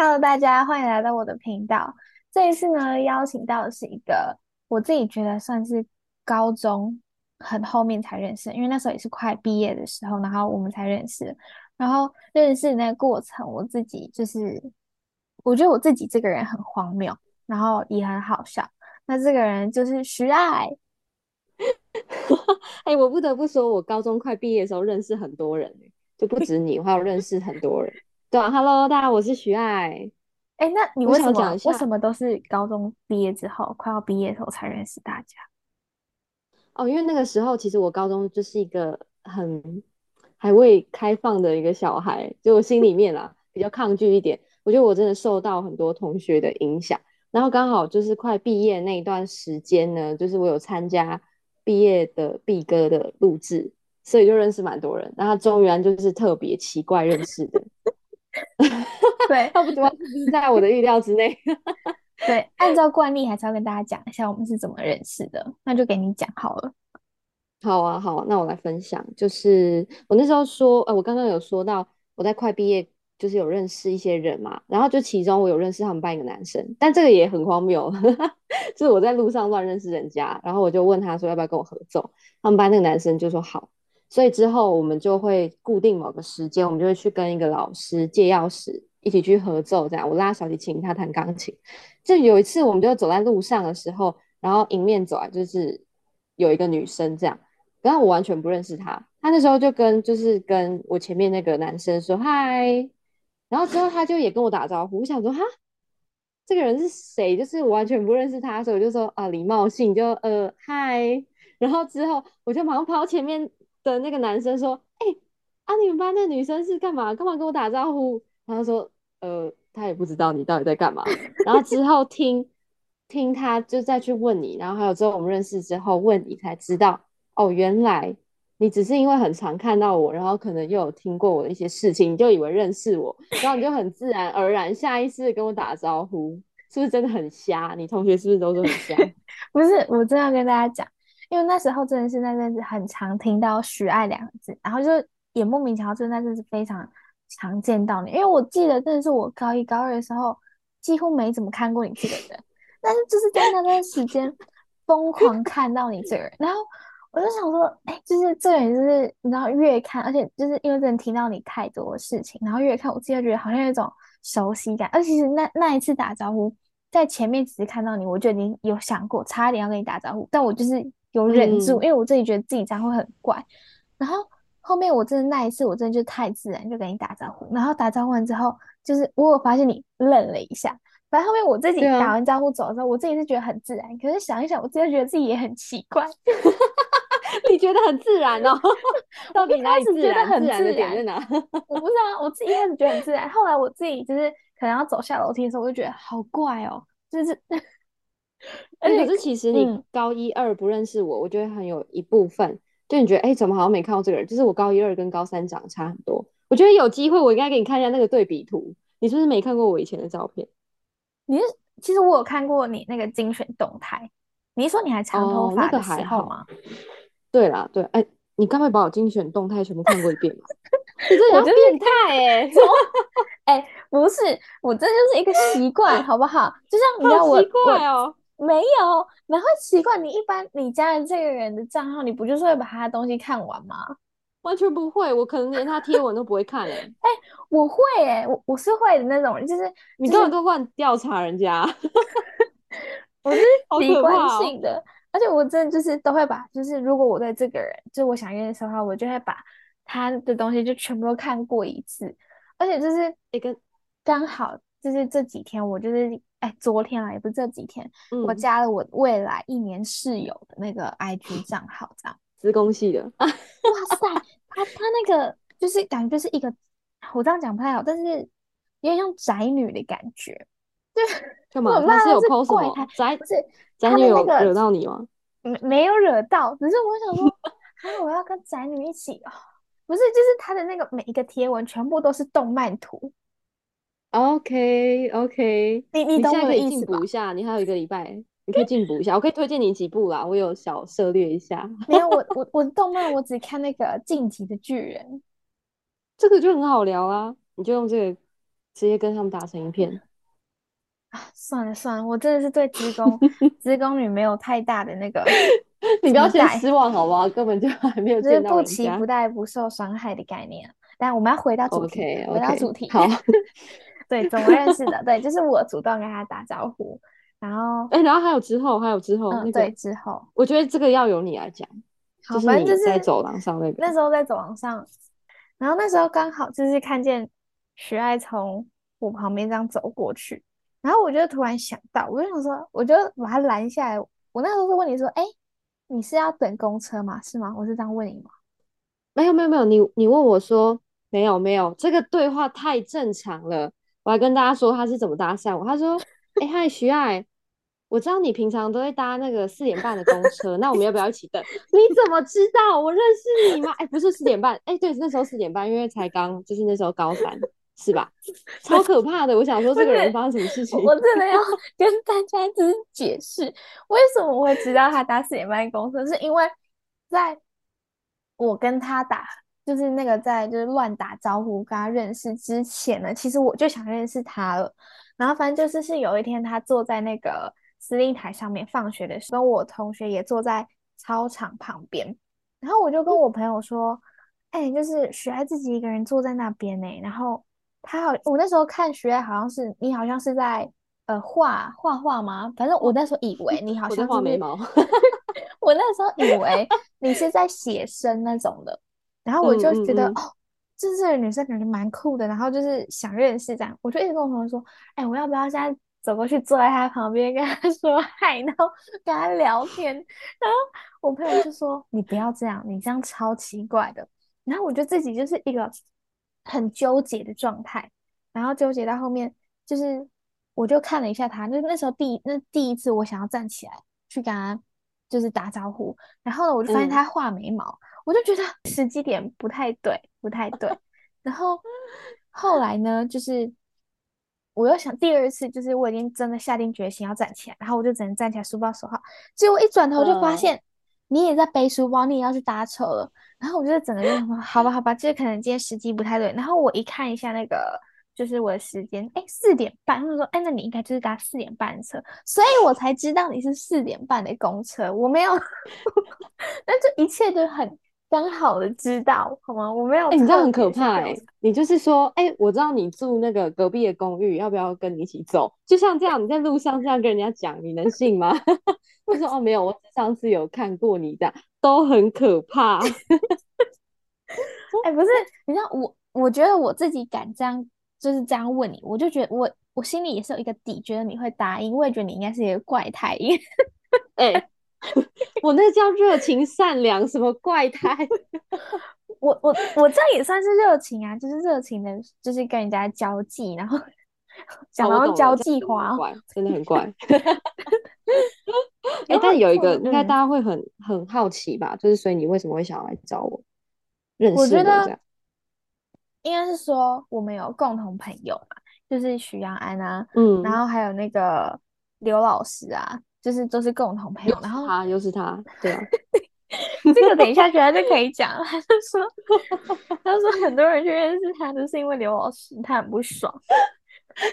Hello，大家歡迎來到我的頻道。這一次呢，邀請到的是一個我自己覺得算是高中很後面才認識，因為那時候也是快畢業的時候，然後我們才認識。然後認識那個過程，我自己就是我覺得我自己這個人很荒謬，然後也很好笑。那這個人就是徐艾。哎、 欸，我不得不說，我高中快畢業的時候認識很多人，就不止你，我還有認識很多人。 對啊，Hello，大家好，我是徐愛。哎、欸，那你為什麼講一下為什麼都是高中畢業之後，快要畢業的時候才認識大家？哦，因為那個時候其實我高中就是一個很還未開放的一個小孩，就我心裡面啦 比較抗拒一點。我覺得我真的受到很多同學的影響，然後剛好就是快畢業那一段時間呢，就是我有參加畢業的畢哥的錄制，所以就認識蠻多人。然後中原就是特別奇怪認識的。 對，差不多就是在我的預料之內。 對，按照慣例還是要跟大家講一下我們是怎麼認識的，那就給你講好了。好啊，好啊，那我來分享。就是我那時候說，呃、欸，我剛剛有說到我在快畢業，就是有認識一些人嘛。然後就其中我有認識他們班一個男生，但這個也很荒謬， 就是我在路上亂認識人家，然後我就問他說要不要跟我合作，他們班那個男生就說好。所以之後我們就會固定某個時間，我們就會去跟一個老師借鑰匙，一起去合奏這樣。我拉小提琴，他彈鋼琴。就有一次我們就走在路上的時候，然後迎面走來就是有一個女生這樣，然後我完全不認識她。她那時候就跟就是跟我前面那個男生說嗨，然後之後她就也跟我打招呼。我想說哈，這個人是誰？就是我完全不認識她，所以我就說啊，禮貌性就呃嗨。然後之後我就馬上跑到前面。的那個男生說：“哎、欸，啊，你們班那女生是幹嘛？幹嘛跟我打招呼？”然後他說：“呃，他也不知道你到底在幹嘛。”然後之後聽 聽他就再去問你，然後還有之後我們認識之後問你才知道，哦，原來你只是因為很常看到我，然後可能又有聽過我的一些事情，你就以為認識我，然後你就很自然而然、 下意識跟我打招呼，是不是真的很瞎？你同學是不是都是很瞎？ 不是，我正要跟大家講。因為那時候真的是那陣子，很常聽到“許愛”兩個字，然後就也莫名其妙，就是那陣子非常常見到你。因為我記得真的是我高一高二的時候，幾乎沒怎麼看過你這個人， 但是就是在那段時間瘋狂看到你這個人。 然後我就想說，哎、欸，就是這個人，就是你知道，越看，而且就是因為真的聽到你太多的事情，然後越看，我自己覺得好像有一種熟悉感。而且其實那那一次打招呼，在前面只是看到你，我就已經有想過，差一點要跟你打招呼，但我就是。有忍住，嗯、因為我自己覺得自己這樣會很怪。然後後面我真的那一次，我真的就太自然，就跟你打招呼。然後打招呼完之後，就是我有發現你愣了一下。反正後面我自己打完招呼走的時候，啊、我自己是覺得很自然。可是想一想，我真的覺得自己也很奇怪。 你覺得很自然哦？到底哪裡自然？自然的點在哪？ 我不知道、啊，我自己一開始覺得很自然。後來我自己就是可能要走下樓梯的時候，我就覺得好怪哦，就是。可是其實你高一二、嗯、不認識我，我覺得很有一部分，就你覺得哎、欸，怎麼好像沒看過這個人？就是我高一二跟高三長差很多。我覺得有機會，我應該給你看一下那個對比圖。你是不是沒看過我以前的照片？你是其實我有看過你那個精選動態。你是說你還長頭髮的時候嗎、哦那個？對啦，對，哎、欸，你剛才把我精選動態全部看過一遍 你這人變態哎、欸！什麼？ 哎、欸，不是，我這就是一個習慣，啊、好不好？就像你知道我怪哦。沒有，難會奇怪。你一般你加了這個人的賬號，你不就是會把他的東西看完嗎？完全不會，我可能連他貼文都不會看嘞、欸。哎、 欸，我會哎、欸，我我是會的那種人，就是、就是、你根本都亂調查人家， 好可怕哦、我是習慣性的。而且我真的就是都會把，就是如果我對這個人就是我想認識的話，我就會把他的東西就全部都看過一次，而且就是一個剛好。就是這幾天，我就是哎、欸，昨天啊，也不是這幾天，嗯、我加了我未來一年室友的那個 IG 賬號，這樣子，宮系的。哇塞， 他他那個就是感覺是一個，我這樣講不太好，但是有點像宅女的感覺。對，幹嘛？他是有 po 什麼宅？是宅女有惹到你嗎？嗯，沒有惹到，只是我想說， 哎、我要跟宅女一起哦， 不是，就是他的那個每一個貼文全部都是動漫圖。OK OK，你你，你現在可以進補一下，你還有一個禮拜， 你可以進補一下。我可以推薦你幾部啦，我有小涉獵一下。 沒有我我我動漫我只看那個《進擊的巨人》，這個就很好聊啊！你就用這個直接跟他們打成一片。啊， 算了算了，我真的是對資工資 工女沒有太大的那個。你不要先失望好不好？根本就還沒有見到。不期不待不受傷害的概念。但我們要回到主題，okay, okay, 回到主題。好。 對，怎麼認識的？對，就是我主動跟他打招呼，然後哎、欸，然後還有之後，還有之後、嗯，那個、對，之後，我覺得這個要由你來講。好，反正就是在走廊上那個、就是，那時候在走廊上，然後那時候剛好就是看見徐愛從我旁邊這樣走過去，然後我就突然想到，我就想說，我就把他攔下來。我那時候是問你說：“哎、欸，你是要等公車嗎？是嗎？”我是這樣問你嗎？哎、沒有，沒有，沒有，你你問我說沒有沒有，這個對話太正常了。我還跟大家說他是怎麼搭訕我，他說：“哎、欸、嗨，徐艾，我知道你平常都會搭那個四點半的公車，那我們要不要一起等？” 你怎麼知道我認識你嗎？哎、欸，不是四點半，哎、欸，對，那時候四點半，因為才剛就是那時候高三，是吧？超可怕的，我想說這個人發生什麼事情？我真的要跟大家一直解釋，為什麼我會知道他搭四點半的公車，是因為在我跟他打。就是那個在就是亂打招呼跟他認識之前呢，其實我就想認識他了。然後反正就是是有一天他坐在那個司令台上面，放學的時候，我同學也坐在操場旁邊，然後我就跟我朋友說：“哎、嗯欸，就是徐愛自己一個人坐在那邊呢。”然後他好，我那時候看徐愛好像是你好像是在呃畫畫畫嗎？反正我那時候以為你好像畫眉毛， 我那時候以為你是在寫生那種的。然後我就覺得嗯嗯嗯哦，就是這個女生感覺蠻酷的，然後就是想認識這樣，我就一直跟我朋友說：“哎，我要不要現在走過去坐在他旁邊，跟他說嗨， 然後跟他聊天？”然後我朋友就說：“ 你不要這樣，你這樣超奇怪的。”然後我覺得自己就是一個很糾結的狀態，然後糾結到後面，就是我就看了一下他，那那時候第一那第一次我想要站起來去跟他就是打招呼，然後呢，我就發現他畫眉毛。嗯我就覺得時機點不太對，不太對。 然後後來呢，就是我又想第二次，就是我已經真的下定決心要站起來，然後我就只能站起來書包手好，結果一轉頭就發現、uh、你也在背書包，你也要去搭車了。然後我就整個人說：“好吧，好吧，這可能今天時機不太對。”然後我一看一下那個就是我的時間，哎，四點半。他們說：“哎，那你應該就是搭四點半的車。”所以我才知道你是四點半的公車，我沒有。 那這一切就很。剛好的知道好嗎？我沒有知道、欸，你知道很可怕哎、欸。你就是說、欸，我知道你住那個隔壁的公寓，要不要跟你一起走？就像這樣，你在路上這樣跟人家講，你能信嗎？我 說，哦，沒有，我上次有看過你的，都很可怕、 欸。不是，你知道我，我覺得我自己敢這樣，就是這樣問你，我就覺得我我心裡也是有一個底，覺得你會答應，我也覺得你應該是一個怪胎。哎、 欸。 我那叫熱情善良，什麼怪胎？ 我我我這也算是熱情啊，就是熱情的，就是跟人家交際，然後想要交際花，的 真的很怪。哎、 欸，但有一個應該、嗯、大家會很很好奇吧？就是所以你為什麼會想要來找我認識？我覺得應該是說我們有共同朋友嘛，就是許楊安啊，嗯，然後還有那個劉老師啊。就是都是共同朋友，然後他又是他，對啊， 這個等一下其他就可以講。他說， 他就說很多人去認識他，都、就是因為劉老師，他很不爽。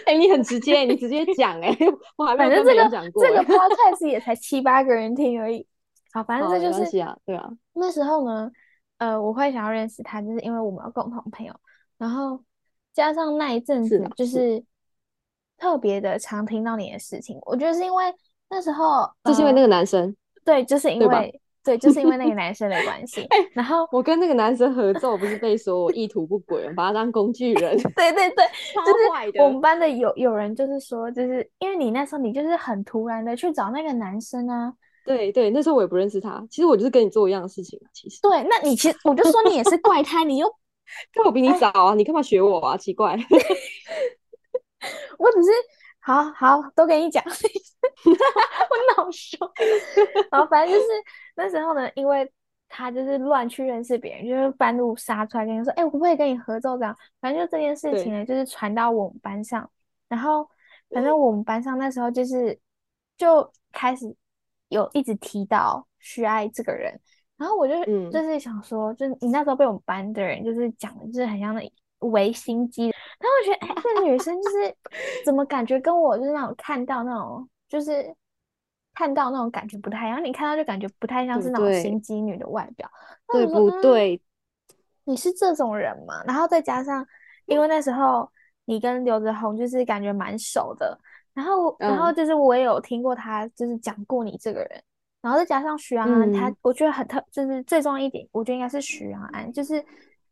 哎、 欸，你很直接、欸，你直接講哎、欸，我還沒跟別人講過。這個拋、欸、菜是也才七八個人聽而已。 好，反正這就是、哦、啊對啊。那時候呢，呃，我會想要認識他，就是因為我們有共同朋友，然後加上那一陣子是、啊、就是特別的常聽到你的事情，啊、我覺得是因為。那時候就是因為那個男生，對，就是因為對，就是因為那個男生的關係。然後我跟那個男生合作，不是被說我意圖不軌，把他當工具人。對對對，超壞的。我們班的有有人就是說，就是因為你那時候你就是很突然的去找那個男生啊。對對，那時候我也不認識他。其實我就是跟你做一樣的事情。其實對，那你其實我就說你也是怪胎，你又，但我比你早啊，你幹嘛學我啊？奇怪。我只是好好都跟你講。我惱羞， 然後反正就是那時候呢，因為他就是亂去認識別人，就是半路殺出來跟你說，哎、欸，我不可以跟你合奏這樣。反正就這件事情呢，對就是傳到我們班上，然後反正我們班上那時候就是對就開始有一直提到徐愛這個人，然後我就就是想說，嗯、就是你那時候被我們班的人就是講，就是很像那違心機，然後我覺得哎、欸，這女生就是怎麼感覺跟我就是那種看到那種。.就是看到那種感覺不太一樣，你看到就感覺不太像是那種心機女的外表，不對，是對不對，嗯？你是這種人嗎？然後再加上，因為那時候你跟劉澤宏就是感覺蠻熟的，然後、嗯、然後就是我也有聽過他就是講過你這個人，然後再加上徐陽安他，嗯、他我覺得很特，就是最重要一點，我覺得應該是徐陽安，就是。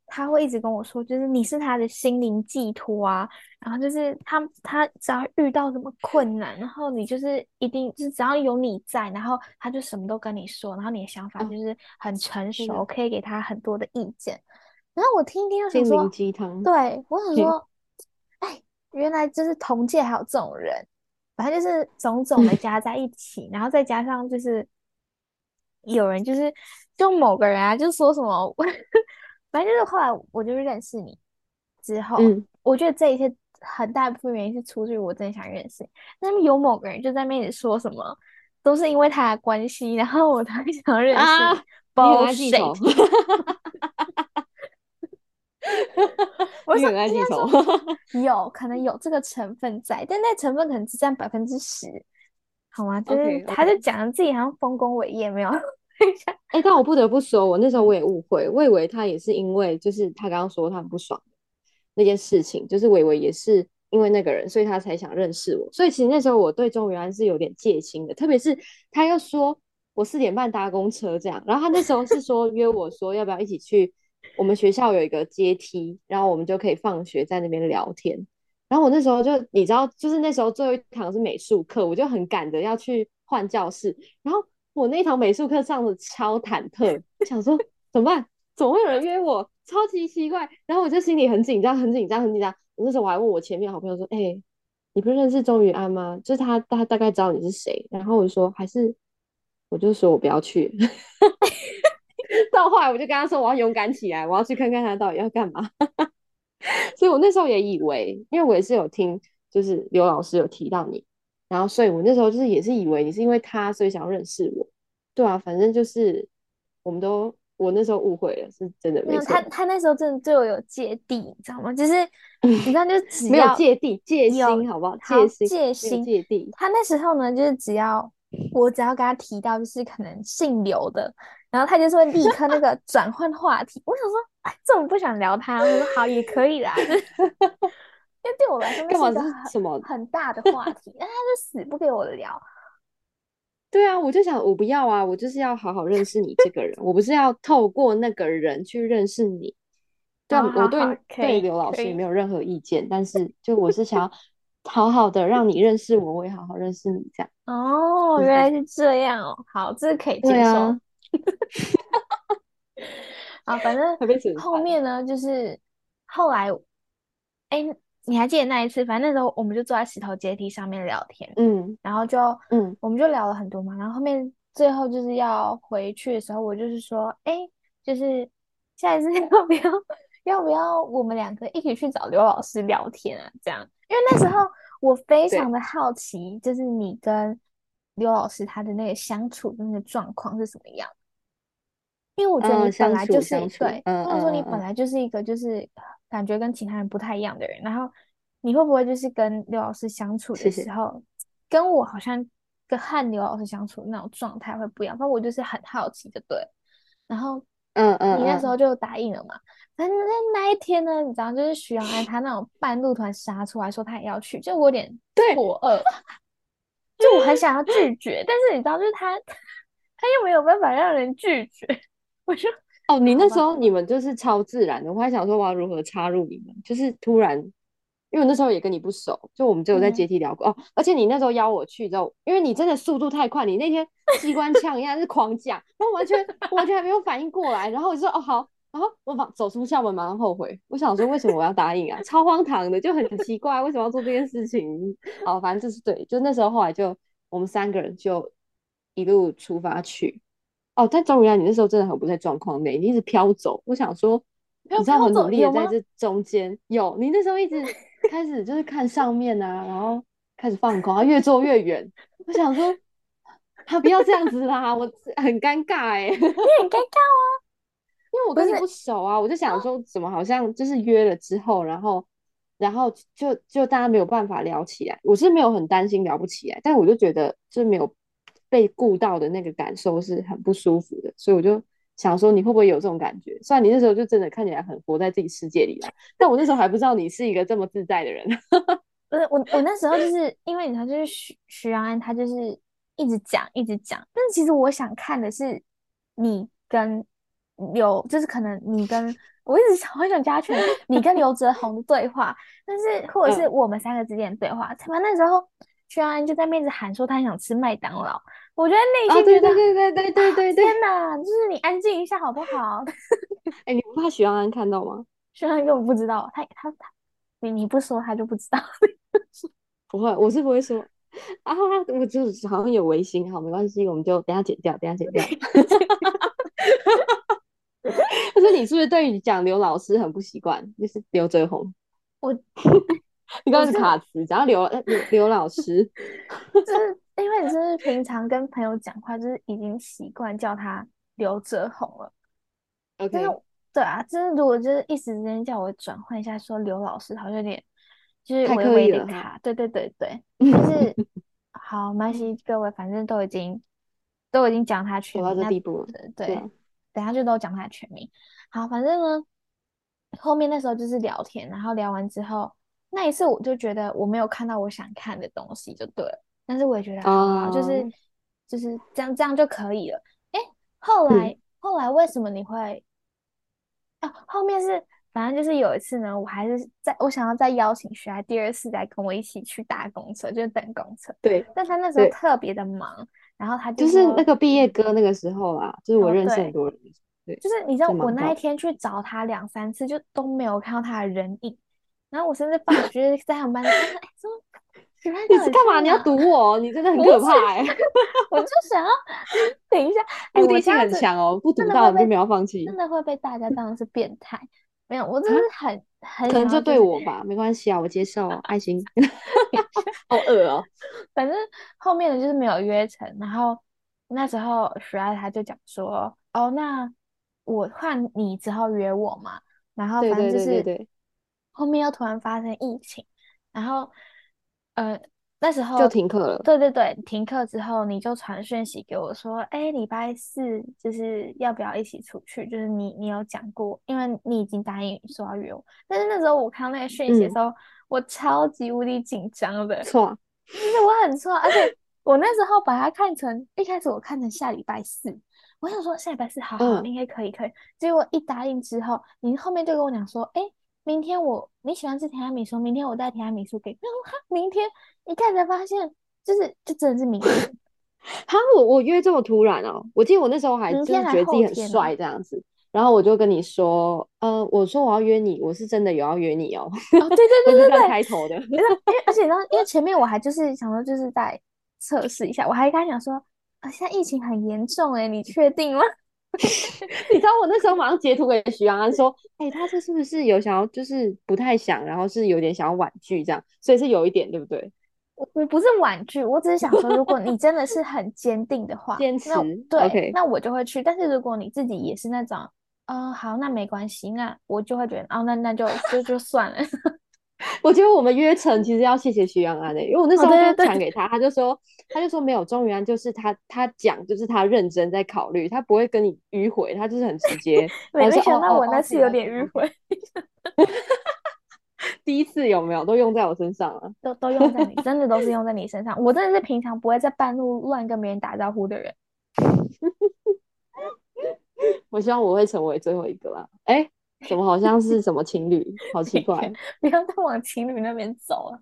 他會一直跟我說，就是你是他的心靈寄託啊，然後就是他他只要遇到什麼困難，然後你就是一定就是只要有你在，然後他就什麼都跟你說，然後你的想法就是很成熟，嗯、可以給他很多的意見。嗯、然後我聽一聽，就想說，心靈雞湯。對，我想說，嗯、哎，原來就是同屆還有這種人，反正就是種種的加在一起， 然後再加上就是有人就是就某個人啊，就說什麼。 反正就是後來，我就認識你之後，嗯、我覺得這一些很大一部分原因是出於我真的想認識。那有某個人就在面前說什麼，都是因為他的關係，然後我才想認識你。包庇誰？哈哈哈哈哈哈！哈哈哈哈哈哈哈，我想，有可能有這個成分在，但那成分可能只占百分之十。好嗎？Okay, okay. 就是他就講了自己好像豐功偉業，沒有。哎、 欸，但我不得不說，我那時候我也誤會魏偉他也是因為就是他剛剛說他很不爽的那件事情，就是魏偉也是因為那個人，所以他才想認識我。所以其實那時候我對鍾原安是有點戒心的，特別是他又說我四點半搭公車這樣，然後他那時候是說約我說要不要一起去我們學校有一個階梯，然後我們就可以放學在那邊聊天。然後我那時候就你知道，就是那時候最後一堂是美術課，我就很趕着要去換教室，然後。我那一堂美術課上的超忐忑， 想說怎麼辦？怎麼會有人約我？超級奇怪。然後我就心裡很緊張，很緊張，很緊張。我那時候我還問我前面好朋友說：“哎、欸，你不認識鍾雨安嗎？就是他，他大概知道你是誰。”然後我就說：“還是，我就說我不要去。 ”到後來我就跟他說：“我要勇敢起來，我要去看看他到底要幹嘛。 ”所以我那時候也以為，因為我也是有聽，就是劉老師有提到你。然後，所以我那時候就是也是以為你是因為他，所以想要認識我，對啊，反正就是我們都，我那時候誤會了，是真的沒有，嗯。他他那時候真的對我有芥蒂，你知道嗎？就是 你知道，就是沒有芥蒂，戒心好不好？戒心戒心。芥蒂。他那時候呢，就是只要我只要跟他提到就是可能姓劉的，然後他就是會立刻那個轉換話題。 我想說，哎，這種不想聊他，我說好也可以啦。」 因為對我來說，幹嘛是什麼很大的話題？但他就死不跟我聊。對啊，我就想，我不要啊，我就是要好好認識你這個人。我不是要透過那個人去認識你。對，我對對劉老師也沒有任何意見，但是就我是想要好好的讓你認識我，我也好好認識你這樣。哦，原來是這樣哦，好，這是可以接受。好，反正後面呢，就是後來，哎。你還記得那一次？反正那時候我們就坐在石頭階梯上面聊天，嗯，然後就，嗯，我們就聊了很多嘛。然後後面最後就是要回去的時候，我就是說，哎，就是下一次要不要，要不要我們兩個一起去找劉老師聊天啊？這樣，因為那時候我非常的好奇，就是你跟劉老師他的那個相處的那個狀況是什麼樣？因為我覺得你本來就是對，或者、嗯嗯、說你本來就是一個就是。感覺跟其他人不太一樣的人，然後你會不會就是跟劉老師相處的時候，是是跟我好像跟和劉老師相處那種狀態會不一樣？反正我就是很好奇的，對。然後，嗯嗯，你那時候就答應了嘛？反正那那一天呢，你知道，就是徐陽安他那種半路團殺出來說他也要去，就我 有點火二， 就我很想要拒絕， 但是你知道，就是他，他又沒有辦法讓人拒絕，我就 。哦，你那時候你們就是超自然的，我還想說我要如何插入你們，就是突然，因為我那時候也跟你不熟，就我們只有在階梯聊過、嗯、哦。而且你那時候邀我去之後，因為你真的速度太快，你那天機關槍一樣 是狂講，我完全我完全還沒有反應過來， 然後我就說哦好，然後我走走出校門馬上後悔，我想說為什麼我要答應啊， 超荒唐的，就很奇怪為什麼要做這件事情。好、哦，反正這、就是對，就那時候後來就我們三個人就一路出發去。哦，但周雨啊，你那時候真的很不在狀況內，你一直飄走。我想說，你知道很努力的在這中間。有，嗎有，你那時候一直開始就是看上面啊， 然後開始放空，他越走越遠。 我想說，他、啊、不要這樣子啦， 我很尷尬、欸、 你很尷尬哦、啊。因為我跟你不熟啊，我就想說怎麼好像就是約了之後，然後然後就就大家沒有辦法聊起來。我是沒有很擔心聊不起來，但我就覺得就沒有。被顧到的那個感受是很不舒服的，所以我就想說，你會不會有這種感覺？雖然你那時候就真的看起來很活在自己世界裡了，但我那時候還不知道你是一個這麼自在的人。不 是、嗯、我，我那時候就是因為你知道，就是徐徐楊安他就是一直講一直講，但其實我想看的是你跟劉，就是可能你跟 我一直想，很想加權你跟劉哲宏的對話，但是或者是我們三個之間的對話。他、嗯、那時候，徐楊安就在面子喊說他很想吃麥當勞。我覺得內心覺得，哦、對對對對，對，對，對，對，對、啊、天哪！就是你安靜一下好不好？哎、 欸，你不怕許安安看到嗎？許安安根本不知道，他他他，他，你你不說他就不知道。 不會，我是不會說。啊，我就是好像有微信，好沒關係，我們就等下剪掉，等下剪掉。 但是你是不是對於講劉老師很不習慣？就是劉追紅。我，你剛剛是卡詞，講到劉劉劉老師。 因為就是平常跟朋友講話，就是已經習慣叫他劉哲宏了。O Okay. 但是，對啊，就是如果就是一時之間叫我轉換一下，說劉老師好像有點，就是微微有點卡。對對對對，但 是好，沒關係各位，反正都已經都已經講他全名，走到這地步，對對。對等下就都講他全名。好，反正呢，後面那時候就是聊天，然後聊完之後，那一次我就覺得我沒有看到我想看的東西，就對了。但是我也覺得啊，oh, 就是、嗯、就是這樣，這樣就可以了。哎、欸，後來後來為什麼你會？哦、嗯啊，後面是反正就是有一次呢，我還是在我想要再邀請學長第二次來跟我一起去搭公車，就等公車。對。但他那時候特別的忙，對然後他就就是那個畢業歌那個時候啊，就是我認識很多人。哦、對。對就是你知道，我那一天去找他兩三次，就都沒有看到他的人影。然後我甚至發就、 欸、是在上班，他說：“哎，怎麼？”你是幹嘛？你要堵我？你真的很可怕、欸。我我就想要等一下，目、哎、的性很強哦，不堵到你就沒有放棄，真的會被大家當成是變態。 沒有，我真的是很很可能就對我吧，沒關係啊，我接受。 愛心好噁 哦，哦反正後面的就是沒有約成。然後那時候徐愛他就講說：“哦，那我換你之後約我嘛。”然後反正就是後面又突然發生疫情，然後。呃，那時候就停課了。對對對，停課之後你就傳訊息給我，說：“哎，禮拜四就是要不要一起出去？”就是你，你有講過，因為你已經答應了說要約我。但是那時候我看到那個訊息的時候，嗯、我超級無敵緊張的，錯，因為我很錯，而且我那時候把它看成 一開始我看成下禮拜四，我想說下禮拜四好好應該、嗯、可以可以。結果一答應之後，你後面就跟我講說：“哎。”明天我你喜歡吃提拉米蘇，明天我帶提拉米蘇給你。明天，一看才發現，就是就真的是明天。 哈，我我約這麼突然哦，喔，我記得我那時候還真的覺得自己很帥這樣子，然後我就跟你說，呃，我說我要約你，我是真的有要約你，喔，哦。對對對對對， 剛剛開頭的，而且然因為前面我還就是想說就是在測試一下，我還跟他講說，啊，現在疫情很嚴重哎，欸，你確定嗎？ 你知道我那時候馬上截圖給徐安安說：“哎、欸，他這是不是有想要，就是不太想，然後是有點想要婉拒這樣，所以是有一點，對不對？”我我不是婉拒，我只是想說，如果你真的是很堅定的話，堅 持，對，Okay. 那我就會去。但是如果你自己也是那種，嗯、呃，好，那沒關係，那我就會覺得，哦，那那就就就算了。 我覺得我們約成其實要謝謝徐楊安的、欸，因為我那時候就傳給他，哦、對對對，他就說他就說沒有，終於安，就是他他講就是他認真在考慮，他不會跟你迂迴，他就是很直接。沒 想到我那次有點迂迴。 第一次有沒有都用在我身上了、啊？都都用在你，真的都是用在你身上。我真的是平常不會在半路亂跟別人打招呼的人。 對 我希望我會成為最後一個啦。哎、欸。怎麼好像是什麼情侶，好奇怪！ 不要再往情侶那邊走了。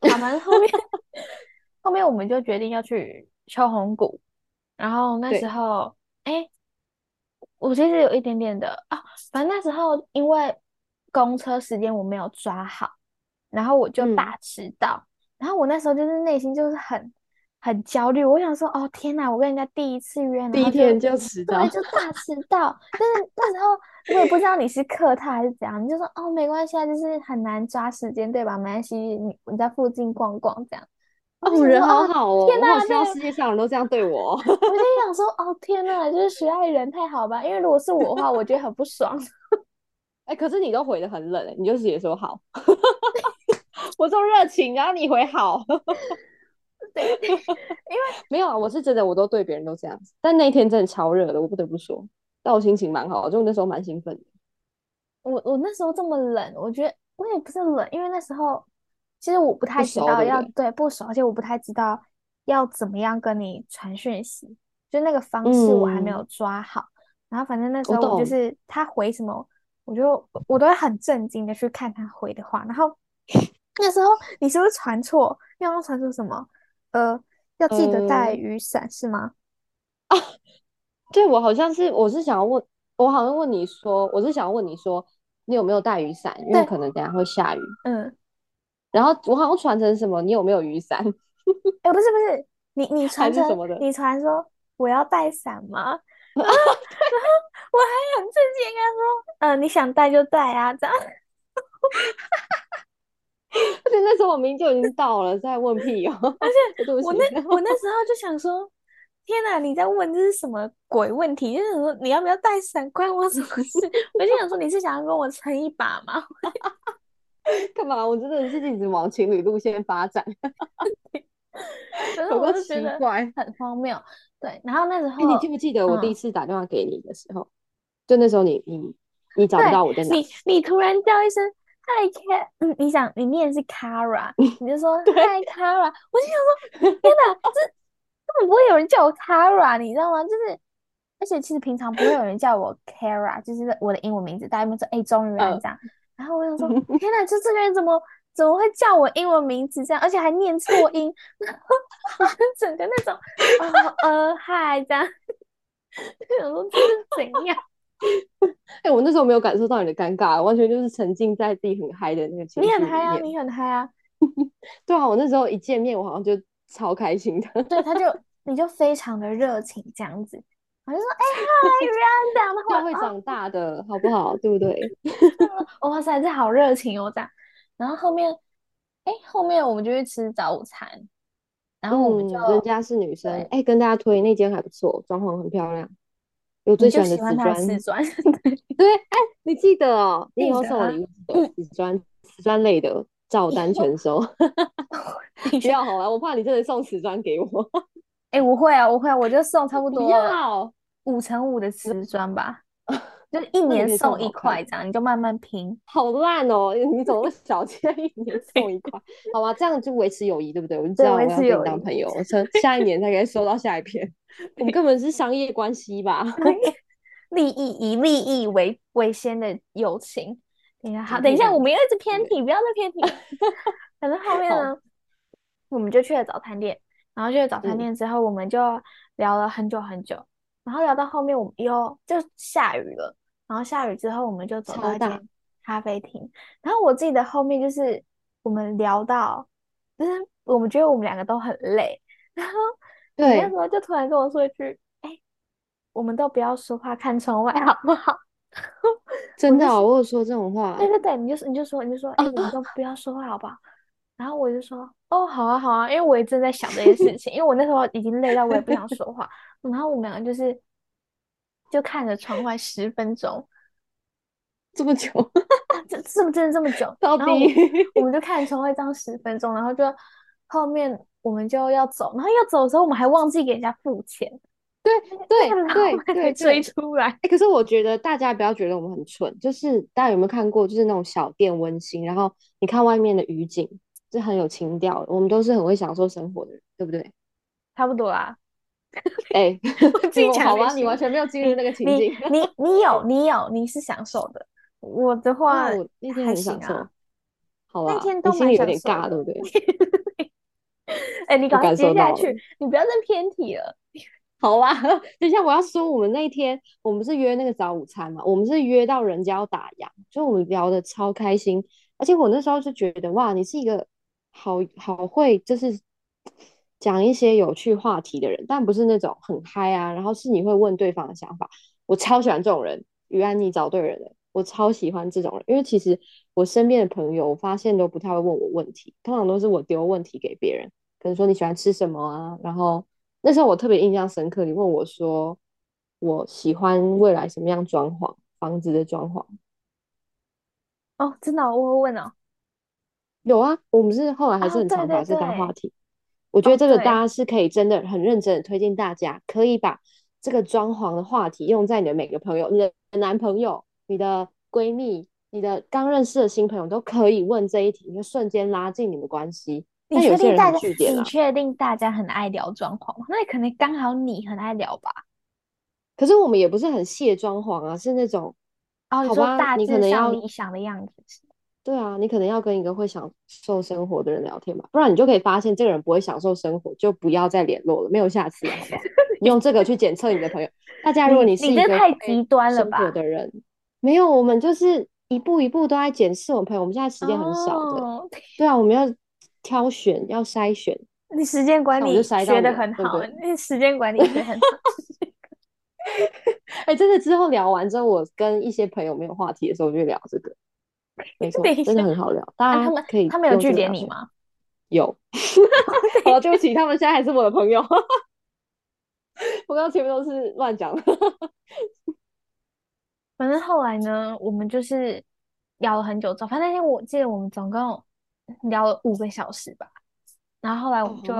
我們後面， 後面我們就決定要去秋紅谷。然後那時候，哎對、欸，我其實有一點點的啊、哦，反正那時候因為公車時間我沒有抓好，然後我就大遲到。嗯、然後我那時候就是內心就是很。很焦慮，我想說，哦天哪，我跟人家第一次約，第一天就遲到，對，就大遲到。 但是那時候我也不知道你是客套還是怎樣，你就說，哦沒關係啊，就是很難抓時間，對吧？沒關係，你你在附近逛逛這樣。哦，人好好哦、喔，天哪，沒想到世界上人都這樣對我。我就想說，哦天哪，就是學愛人太好吧？因為如果是我的話，我覺得很不爽。哎、 欸，可是你都回得很冷，你就是也說好， 我這麼熱情、啊，然後你回好。 因為 沒有啊，我是覺得我都對別人都這樣子。但那一天真的超熱的，我不得不說。但我心情蠻好的，就我那時候蠻興奮。我我那時候這麼冷，我覺得我也不是冷，因為那時候其實我不太知道要，不熟，對不對？對，不熟，而且我不太知道要怎麼樣跟你傳訊息，就那個方式我還沒有抓好。嗯，然後反正那時候我就是我懂他回什麼，我就我都會很震驚的去看他回的話。然後 那時候你是不是傳錯？不要傳錯什麼？呃，要記得帶雨傘、嗯、是嗎？啊、對，我好像是，我是想要問，我好像問你說，我是想要問你說，你有沒有帶雨傘？對因為可能等下會下雨。嗯，然後我好像傳成什麼，你有沒有雨傘？哎、 欸，不是不是，你你傳成什麼的？你傳說我要帶傘嗎？然後我還很正經，應該說，嗯、呃，你想帶就帶啊，這樣 而且那時候我明明就已經到了， 在問屁哦。而且我那 我那時候就想說，天哪、啊，你在問這是什麼鬼問題？就是說你要不要帶傘，關我什麼事？ 我就想說，你是想要跟我撐一把嗎？幹 嘛？我真的是一直往情侶路線發展，不 都 覺得很荒謬。 對，然後那時候、欸、你記不記得我第一次打電話給你的時候，嗯、就那時候你你你找不到我在哪裡，你你突然叫一聲。嗨，k、嗯、你想你念的是 Kara，你就說嗨 Kara 對。我就想說，天吶， 這根本不會有人叫我 Kara，你知道嗎？就是而且其實平常不會有人叫我 Kara，就是我的英文名字，大家會說哎，終於來這樣。然後我想說，天哪，這這個人怎麼怎麼會叫我英文名字這樣，而且還念錯音，然後呵呵整個那種呃嗨、 uh, uh, 這樣，就想說這是怎樣？ 哎、 欸，我那時候沒有感受到你的尷尬，我完全就是沉浸在自己很嗨的那個情緒，你很嗨啊，你很嗨啊！ 對啊，我那時候一見面，我好像就超開心的。 對，他就你就非常的熱情這樣子，我就說：“哎、欸、 ，Hi，嗨這樣的他會長大的， 好不好？對不對？” 哇塞，這好熱情哦！這樣，然後後面，哎、欸，後面我們就去吃早午餐，然後我們就、嗯、人家是女生，哎對、欸，跟大家推那間還不錯，裝潢很漂亮。我最喜歡的瓷磚，瓷磚，對，哎，你記得哦， 你以後送我禮物，瓷磚，瓷磚類的，照單全收。 不要好了，我怕你真的送瓷磚給我。哎、 欸，我會啊，我會啊，我就送差不多，要五乘五的瓷磚吧。 就是一年送一塊這樣，你就慢慢拼，好爛哦！你怎麼小氣？一年送一塊，好吧，這樣就維持友誼，對不對？我就知道我要跟你當朋友。我下一年才可以收到下一篇，我們根本是商業關係吧？利益以利益為為先的友情。等一下，好，等一下，我們又一直偏題，不要再偏題。反正後面呢，我們就去了早餐店，然後去了早餐店之後，我們就聊了很久很久，然後聊到後面，我們又就下雨了。然後下雨之後，我們就走到一間咖啡廳。大然後我自己的後面就是我們聊到，就是我們覺得我們兩個都很累。然後對那時候就突然跟我說一句：“哎、欸，我們都不要說話，看窗外好不好？”真的、哦、 我，說我有說這種話、啊。對對對，你就是你就說你就說、欸，我們都不要說話，好不好？ 然後我就說：“哦，好啊，好啊。”因為我也正在想這些事情， 因為我那時候已經累到我也不想說話。 然後我們兩個就是。就看着窗外十分鐘，這麼久，這是不是真的這麼久？到底然後我們, 我們就看著窗外這樣十分鐘，然後就後面我們就要走，然後要走的時候我們還忘記給人家付錢。對對對對，對追出來。哎、欸，可是我覺得大家不要覺得我們很蠢，就是大家有沒有看過，就是那種小店溫馨，然後你看外面的雨景是很有情調。我們都是很會享受生活的人，對不對？差不多啦。哎， 欸、我 好啊！你完全沒有經歷那個情境，你你，你有你有，你是享受的。我的話，哦、我那天很享受，啊、好吧、啊？那天都心裡有點尬，對不對？哎、 欸，你搞感受到接下去，你不要那偏題了，好吧、啊？等一下我要說，我們那天，我們是約那個早午餐嘛，我們是約到人家要打烊，就我們聊得超開心，而且我那時候就覺得哇，你是一個好好會，就是。講一些有趣話題的人，但不是那種很嗨啊，然後是你會問對方的想法，我超喜歡這種人。余安妮找對人了，我超喜歡這種人，因為其實我身邊的朋友我發現都不太會問我問題，通常都是我丟問題給別人，可能說你喜歡吃什麼啊，然後那時候我特別印象深刻，你問我說我喜歡未來什麼樣裝潢，房子的裝潢。哦，真的，哦，我會問哦。有啊，我們是後來還是很常把這、哦、當話題。我覺得這個大家是可以真的很認真的推薦大家，可以把這個裝潢的話題用在你的每個朋友、你的男朋友、你的閨蜜、你的剛認識的新朋友，都可以問這一題，就瞬間拉近你們關係。但你確定大家？你確定大家很愛聊裝潢嗎？那可能剛好你很愛聊吧。可是我們也不是很卸裝潢啊，是那種……哦，你說大致上理想的樣子。對啊，你可能要跟一個會享受生活的人聊天吧，不然你就可以發現這個人不會享受生活，就不要再聯絡了，沒有下次了好不好？ 用這個去檢測你的朋友。大家，如果你是一個生活的人，太極端了吧沒有，我們就是一步一步都在檢視我們朋友。我們現在時間很少的。Oh. 對啊，我們要挑選，要篩選。你時間管理學得很好，你時間管理學得很好。哎、 欸，真的，之後聊完之後，我跟一些朋友沒有話題的時候，我就聊這個。沒錯，真的很好聊。當然、啊，他們可以，他們有拒絕你嗎？有，哦，對不起，他們現在還是我的朋友。我剛剛前面都是亂講的，反正後來呢，我們就是聊了很久。反正那天我記得我們總共聊了五個小時吧。然後後來我們就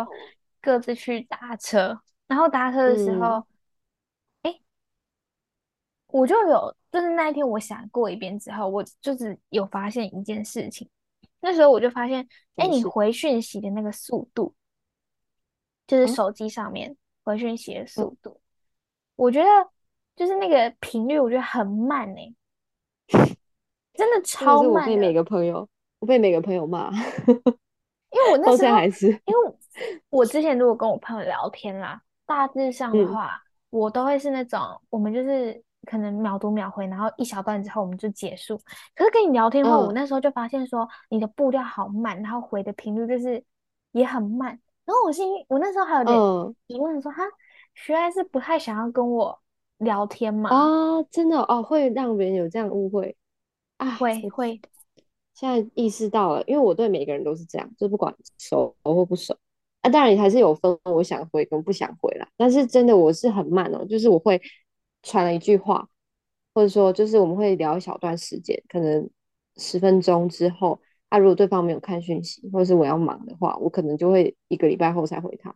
各自去搭車。哦、然後搭車的時候，哎、嗯欸，我就有。就是那一天，我想過一遍之後，我就是有發現一件事情。那時候我就發現，哎、欸，你回訊息的那個速度，是是就是手機上面回訊息的速度，嗯、我覺得就是那個頻率，我覺得很慢呢、欸，真的超慢的。我被每個朋友，我被每個朋友罵， 因為我那時候還是，因為我我之前如果跟我朋友聊天啦，大致上的話，嗯、我都會是那種我們就是。可能秒讀秒回，然後一小段之後我們就結束。可是跟你聊天的話，嗯、我那時候就發現說你的步調好慢，然後回的頻率就是也很慢。然後我心，我那時候還有點疑、嗯、問，說哈，徐艾是不太想要跟我聊天嘛？啊、哦，真的哦，會讓別人有這樣的誤會啊？會，會。現在意識到了，因為我對每個人都是這樣，就不管熟或不熟啊。當然你還是有分我想回跟不想回啦。但是真的我是很慢哦，就是我會。傳了一句話，或者說就是我們會聊一小段時間，可能十分鐘之後，啊，如果對方沒有看訊息，或者是我要忙的話，我可能就會一個禮拜後才回他。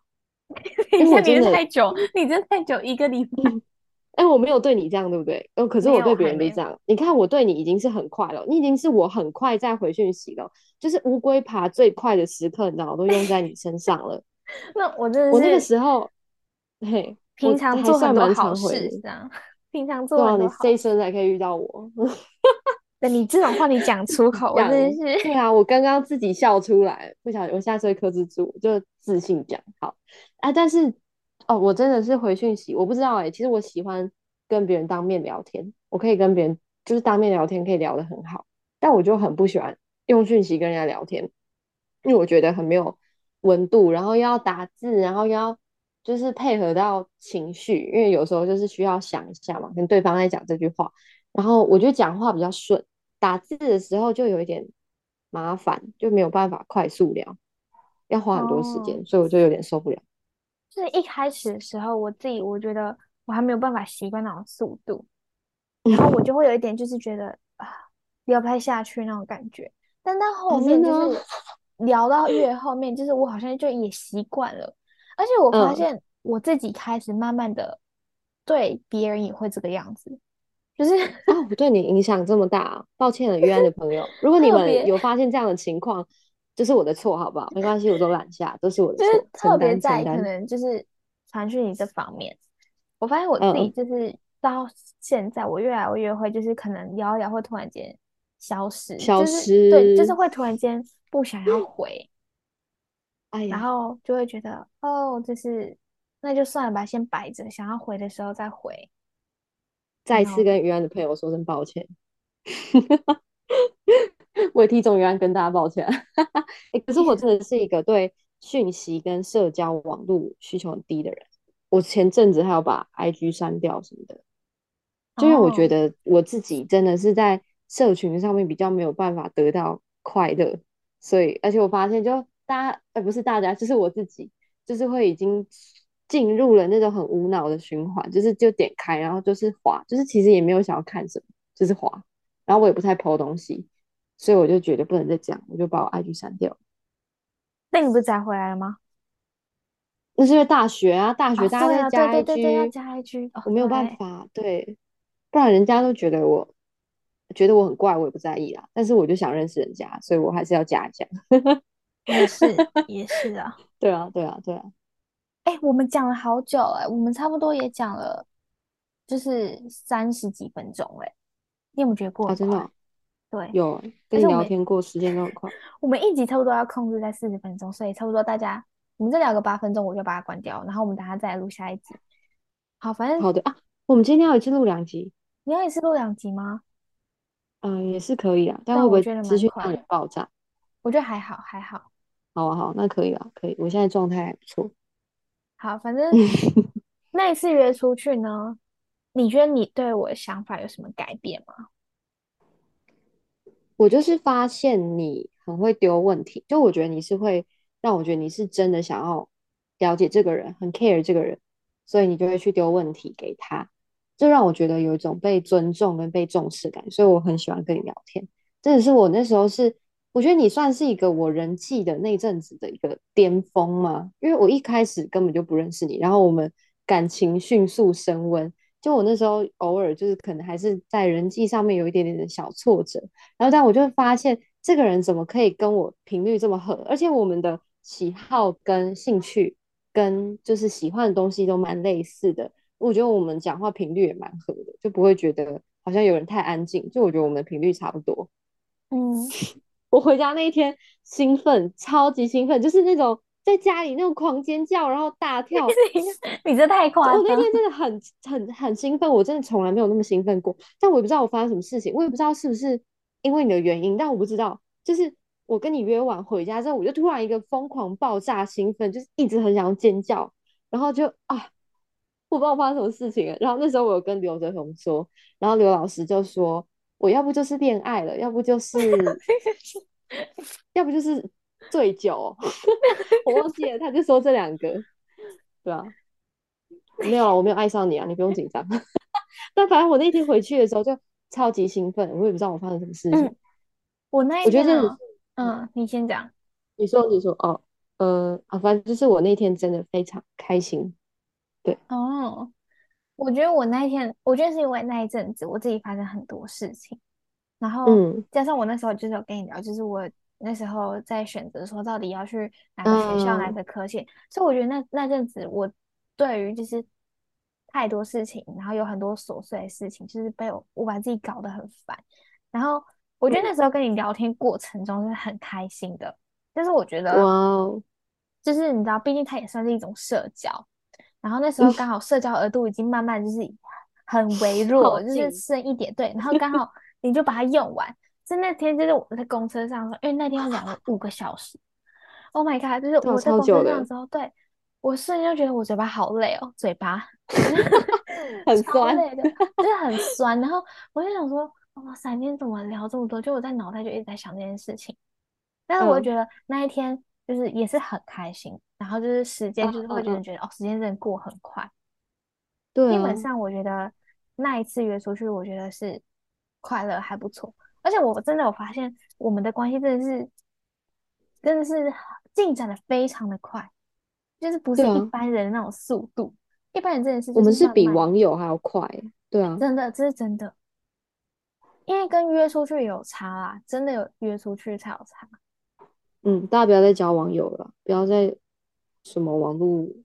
你真的你太久，你真的太久，一個禮拜。哎、嗯欸，我沒有對你這樣，對不對？哦、呃，可是我對別人沒這樣。你，你看我對你已經是很快了，你已經是我很快在回訊息了，就是烏龜爬最快的時刻，你知道都用在你身上了。 那我真是我那個時候，嘿。平常做很多好事，是啊。平常做很多好事，啊、你這一生才可以遇到我。哈 你這種話你講出口， 樣真的是。對啊，我剛剛自己笑出來，不小心，我下次會克制住，就自信講好。哎、啊，但是哦，我真的是回訊息，我不知道哎、欸。其實我喜歡跟別人當面聊天，我可以跟別人就是當面聊天，可以聊得很好。但我就很不喜歡用訊息跟人家聊天，因為我覺得很沒有溫度，然後又要打字，然後又要。就是配合到情緒，因為有時候就是需要想一下嘛，跟對方在講這句話，然後我覺得講話比較順，打字的時候就有一點麻煩，就沒有辦法快速聊，要花很多時間，哦、所以我就有點受不了。就是一開始的時候，我自己我覺得我還沒有辦法習慣那種速度，然後我就會有一點就是覺得啊 聊不太下去那種感覺，但到後面就是聊到越後面，就是我好像就也習慣了。而且我發現我自己開始慢慢的對別人也會這個樣子，嗯、就是啊，我對你影響這麼大，啊，抱歉了，約安、 就是、的朋友。如果你們有發現這樣的情況，這別是我的錯，好不好？沒關係，我都攬下，都是我的錯，就是特別在擔。可能就是傳訊息這方面，我發現我自己就是到現在，我越來越會，就是可能聊一聊會突然間消失，消失，就是，對，就是會突然間不想要回。嗯哎、然後就會覺得哦，就是那就算了吧，先擺着，想要回的時候再回。再一次跟余安的朋友說聲抱歉，後 我也替鍾余安跟大家抱歉、啊 欸。可是我真的是一個對訊息跟社交網絡需求很低的人。我前陣子還有把 IG 刪掉什麼的，就因為我覺得我自己真的是在社群上面比較沒有辦法得到快樂，所以而且我發現就。大家，欸、不是大家，就是我自己，就是會已經進入了那種很無腦的循環，就是就點開，然後就是滑，就是其實也沒有想要看什麼，就是滑。然後我也不太 po 東西，所以我就覺得不能再講，我就把我 IG 刪掉。那你不是再回來了嗎？那是因為大學啊，大學大家、啊啊、加 IG，對對對對，要加 IG，我沒有辦法，對，對，不然人家都覺得我覺得我很怪，我也不在意啦。但是我就想認識人家，所以我還是要加一下。 也是也是啊，對啊對啊對啊，哎、啊啊欸，我們講了好久哎，我們差不多也講了，就是三十幾分鐘哎，你有沒有覺得過、啊、真的、哦。對，有跟你聊天過 時間都很快。我們一集差不多要控制在四十分鐘，所以差不多大家，我們再聊個八分鐘，我就把它關掉，然後我們等下再來錄下一集。好，反正好的啊，我們今天要一次錄兩集，你要一次錄兩集嗎？嗯、呃，也是可以啊，但，會不會很但我覺得持續讓人爆炸？我覺得還好還好。好啊，好，那可以啊，可以。我現在狀態還不錯。好，反正 那一次約出去呢，你覺得你對我的想法有什麼改變嗎？我就是發現你很會丟問題，就我覺得你是會讓我覺得你是真的想要了解這個人，很 care 這個人，所以你就會去丟問題給他，就讓我覺得有一種被尊重跟被重視感，所以我很喜歡跟你聊天。真的是我那時候是。我覺得你算是一個我人際的那陣子的一個巔峰嗎？因為我一開始根本就不認識你，然後我們感情迅速升溫。就我那時候偶爾就是可能還是在人際上面有一點點的小挫折，然後但我就會發現這個人怎麼可以跟我頻率這麼合？而且我們的喜好跟興趣跟就是喜歡的東西都蠻類似的。我覺得我們講話頻率也蠻合的，就不會覺得好像有人太安靜。就我覺得我們的頻率差不多。嗯。我回家那一天，興奮，超級興奮，就是那種在家裡那種狂尖叫，然後大跳。 你這太誇張了！我那天真的很、很、很興奮，我真的從來沒有那麼興奮過。但我也不知道我發生什麼事情，我也不知道是不是因為你的原因，但我不知道，就是我跟你約完回家之後，我就突然一個瘋狂爆炸興奮，就是一直很想尖叫，然後就啊，我不知道發生什麼事情了。然後那時候我有跟劉澤宏說，然後劉老師就說。我要不就是戀愛了，要不就是 要不就是醉酒，我忘記了，他就說這兩個，對啊，沒有啊，我沒有愛上你啊，你不用緊張。 但反正我那天回去的時候就超級興奮，我也不知道我發生什麼事情。嗯、我那一天、哦、我覺得是，嗯，你先講，你說你說哦，啊、呃，反正就是我那天真的非常開心，對，哦。我覺得我那一天，我覺得是因為那一陣子我自己發生很多事情，然後加上我那時候就是有跟你聊，嗯、就是我那時候在選擇說到底要去哪個學校、哪個、嗯、科系，所以我覺得那那陣子我對於就是太多事情，然後有很多瑣碎的事情，就是被我，我把自己搞得很煩。然後我覺得那時候跟你聊天過程中是很開心的，嗯、但是我覺得就是你知道，畢竟它也算是一種社交。然後那時候剛好社交額度已經慢慢就是很微弱，級就是剩一點，對。然後剛好你就把它用完。就 那天就是我在公車上，因為那天要聊了五個小時。 Oh my God！就是我在公車上的時候，對我瞬間就覺得我嘴巴好累哦，嘴巴 的 很酸，就是很酸。然後我就想說，哇、哦、塞，三天怎麼聊這麼多？就我在腦袋就一直在想這件事情。但是我覺得那一天就是也是很開心。嗯然後就是時間，就是會覺得覺得哦、啊啊啊啊，時間真的過很快。對、啊，基本上我覺得那一次約出去，我覺得是快樂還不錯。而且我真的我發現，我們的關係真的是真的是進展的非常的快，就是不是一般人那種速度。啊、一般人真的是我們是比網友還要快，對啊，真的這是真的，因為跟約出去有差啊，真的有約出去才有差。嗯，大家不要再交網友了，不要再。什麼網路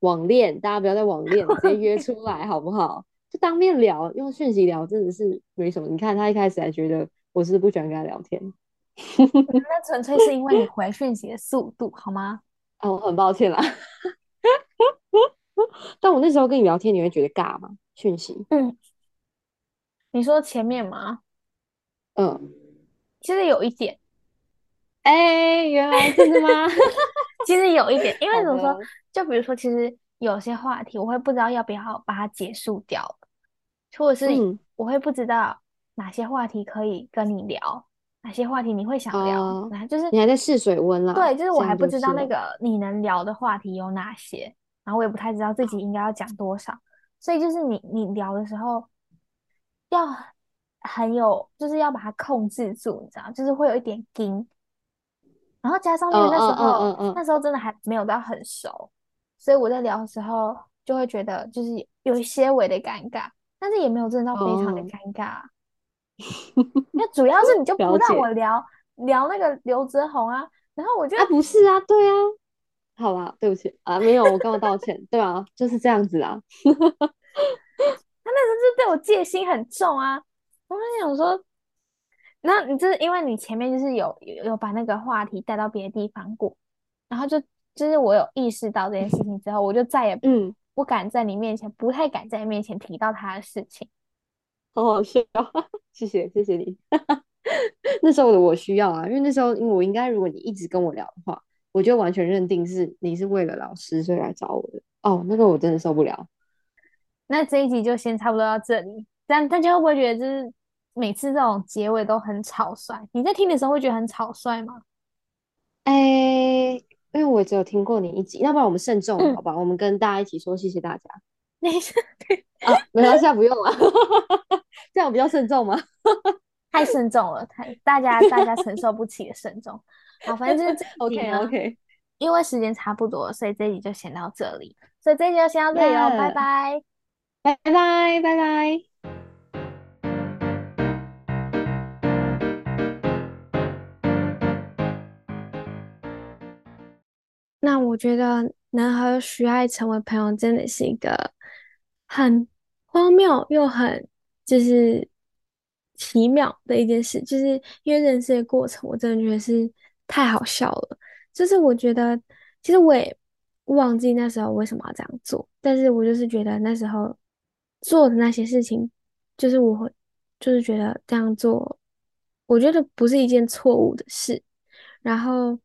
網戀？大家不要再網戀，直接約出來好不好？ 就當面聊，用訊息聊真的是沒什麼。你看他一開始還覺得我是不喜歡跟他聊天， 那純粹是因為你回訊息的速度好嗎？啊、哦，我很抱歉啦。 但我那時候跟你聊天，你會覺得尬嗎？訊息？嗯。你說前面嗎？嗯。其實有一點。哎、欸，原來真的嗎？ 其實有一點，因為怎麼說，Okay. 就比如說，其實有些話題我會不知道要不要把它結束掉，或者是我會不知道哪些話題可以跟你聊，嗯、哪些話題你會想聊，然後、嗯、就是你還在試水溫啦，對，就是我還不知道那個你能聊的話題有哪些，然後我也不太知道自己應該要講多少，嗯、所以就是你你聊的時候要很有，就是要把它控制住，你知道，就是會有一點驚。然後加上去那時候，oh, oh, oh, oh, oh. 那時候真的還沒有到很熟，所以我在聊的時候就會覺得就是有一些微的尷尬，但是也沒有真的到非常的尷尬。那、oh. 主要是你就不讓我聊解聊那個劉澤宏啊，然後我就、啊、不是啊，對啊，好吧，對不起啊，沒有，我跟我道歉， 對啊，就是這樣子啊， 他那時候就對我戒心很重啊，我在想說。那你就是因為你前面就是有有有把那個話題帶到別的地方過，然後就就是我有意識到這件事情之後，我就再也不、嗯、不敢在你面前，不太敢在你面前提到他的事情。好好笑，謝謝謝謝你。 那時候我需要啊，因為那時候因為我應該如果你一直跟我聊的話，我就完全認定是你是為了老師所以來找我的。哦，那個我真的受不了。那這一集就先差不多到這裡，但大家會不會覺得這、就是？每次這種結尾都很草率，你在聽的時候會覺得很草率嗎？哎、欸，因為我只有聽過你一集，要不然我們慎重，嗯、好吧？我們跟大家一起說謝謝大家。沒事。啊，那現在不用了，啊， 這樣我比較慎重嘛？太慎重了，太大家大家承受不起的慎重。 好，反正就是這 OK OK，因為時間差不多，所以這一集就先到這裡。所以這一集就先到這裡，拜拜 Yeah. 拜拜。Bye bye, bye bye 那我覺得能和徐愛成為朋友，真的是一個很荒謬又很就是奇妙的一件事。就是因為認識的過程，我真的覺得是太好笑了。就是我覺得，其實我也忘記那時候為什麼要這樣做，但是我就是覺得那時候做的那些事情，就是我就是覺得這樣做，我覺得不是一件錯誤的事。然後，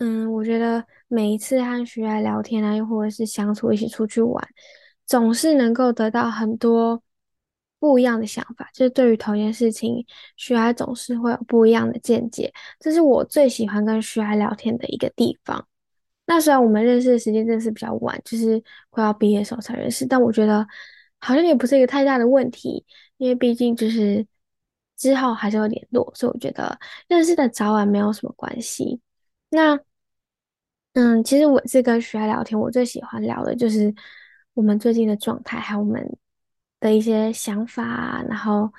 嗯，我覺得。每一次和徐艾聊天啊，又或者是相處一起出去玩，總是能夠得到很多不一樣的想法。就是對於同一件事情，徐艾總是會有不一樣的見解，這是我最喜歡跟徐艾聊天的一個地方。那雖然我們認識的時間真的是比較晚，就是快要畢業的時候才認識，但我覺得好像也不是一個太大的問題，因為畢竟就是之後還是有聯絡，所以我覺得認識的早晚沒有什麼關係。那。嗯，其實我是跟徐愛聊天，我最喜歡聊的就是我們最近的狀態，還有我們的一些想法啊。然後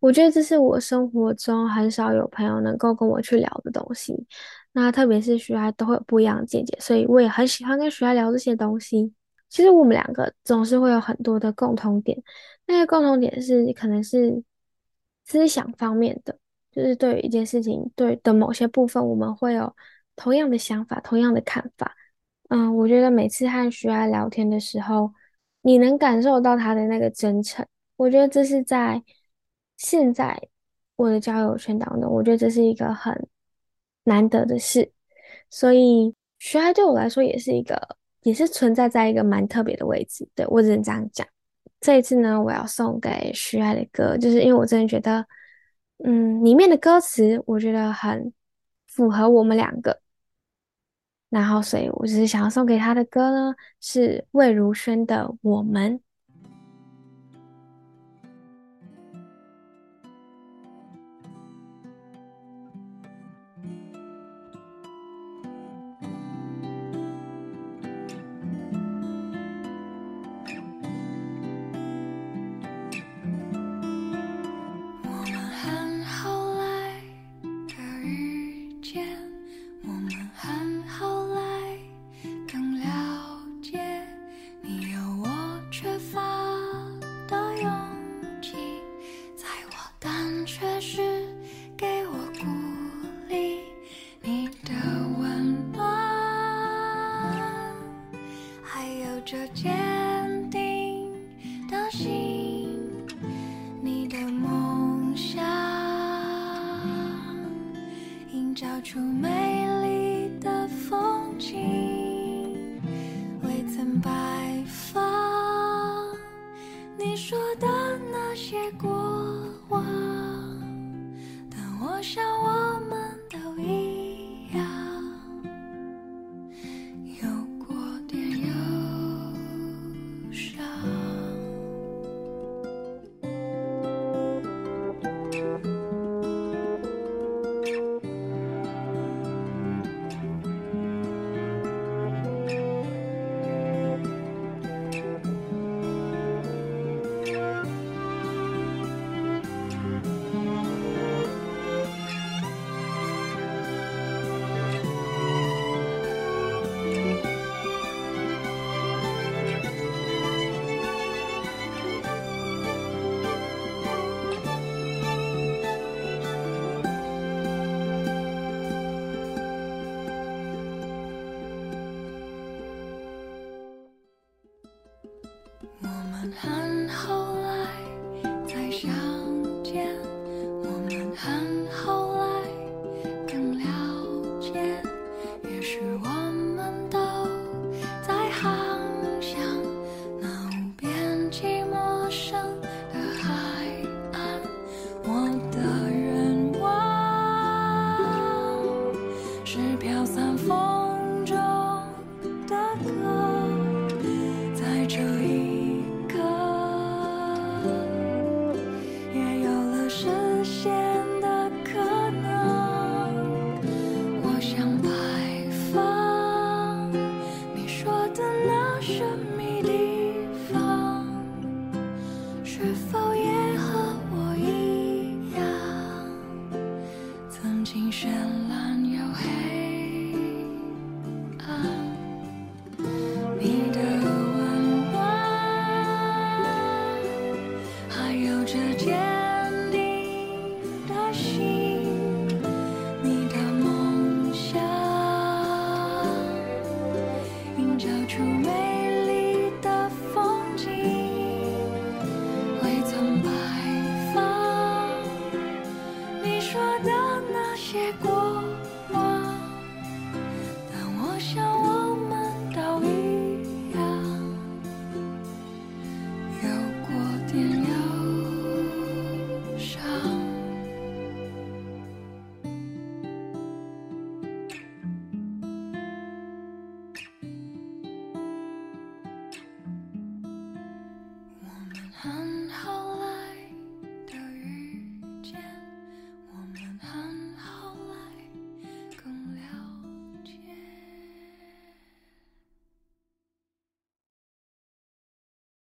我覺得這是我生活中很少有朋友能夠跟我去聊的東西。那特別是徐愛都會有不一樣的見解，所以我也很喜歡跟徐愛聊這些東西。其實我們兩個總是會有很多的共同點，那個共同點是可能是思想方面的，就是對於一件事情對的某些部分，我們會有。同樣的想法，同樣的看法，嗯，我覺得每次和徐愛聊天的時候，你能感受到他的那個真誠，我覺得這是在現在我的交友圈當中，我覺得這是一個很難得的事，所以徐愛對我來說也是一個，也是存在在一個蠻特別的位置。對，我只能這樣講。這一次呢，我要送給徐愛的歌，就是因為我真的覺得，嗯，裡面的歌詞我覺得很符合我們兩個。然後，所以我只是想要送給他的歌呢，是魏如萱的《我們》。